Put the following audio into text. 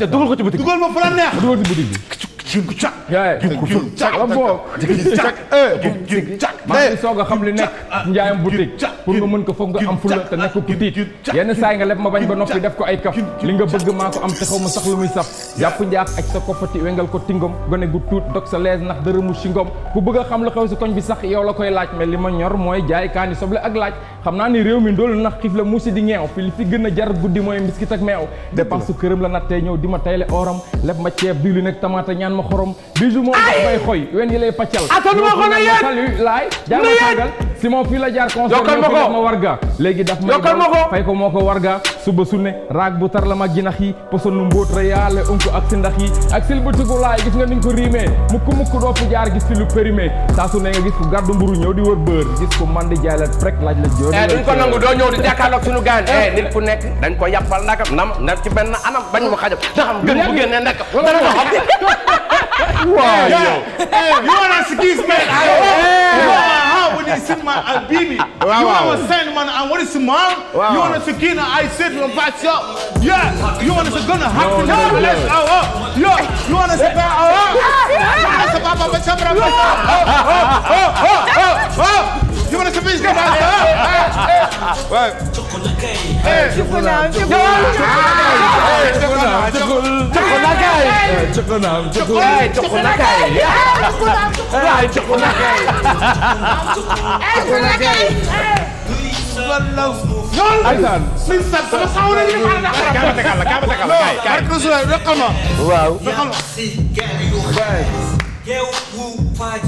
te dugal ko ci boutique dugal ma fu la neex dugal ci boutique bi. jug càq. jug càq la boo. jug càq jug càq. maa ngi soog a xam li nekk njaayam boutique pour nga mën ko foog nga am fula te nekk petit yenn saa nga leb ma bañ ba noppi def ko ay kaf li nga bëgg maa ko am te xaw ma sax lu muy saf jàpp njaax ak sa koppati wengal ko tingom gone gu tuut dog sa lees ndax dërëmu si ngom ku bëgg xam lu xew si koñ bi sax yow la koy laaj mais li ma ñor mooy jaay kaani soble ak laaj xam naa ni réew mi ndoolu na xiif la muusi di ñeew fi li fi gën a jar guddi mooy mbiskit ak meew dépense su këram la nattee ñëw di ma tayle oram leb ma ceeb diwli nag tamaata ñaan ma xorom bijou moom bay xoy wen yi lay paccal atanuma ko na yéen laay jaar ma sàngal Simon fii la jaar conseil yokkal ma ko daf ma léegi daf ma yokkal ko moo ko moo ko warga suba su ne raag bu tar la ma jinax yi posonu mbóot reyaale unku ak si ndax yi ak sil butigu laay gis nga niñ ko riimee mukk mukk doo fu jaar gis ci lu périmé saa su ne nga gis ku gàddu mburu ñëw di wër bër gis ko man di jaay la rek laaj la joor eh, duñ ko nangu doo ñëw di jàkkaarloog suñu gaan eh. eh, nit ku nekk dañ ko yàppal ndakam nam na ci benn anam bañ mu xajam da xam gën bu génnee ndakam waaw yow you wanna excuse me is in my uh, baby. Wow, you wow. want to send man and what is mom? Wow. You want to skin I said from back up. Yeah. You want to gonna have to know let's out up. Yo, you want to say back out up. You want to say papa papa chapra. Oh oh oh oh oh. You want to say back out up. Right. Chocolate. Chocolate. Chocolate. Chocolate. Chocolate. Chocolate. Chocolate. Chocolate. ay joxu na kay. ay joxu na kay. ay daan. suñ sant ba xaw nañu ne xaaral dara. kaama tegal la kaama tegal la kaay kaay. non parce que waaw.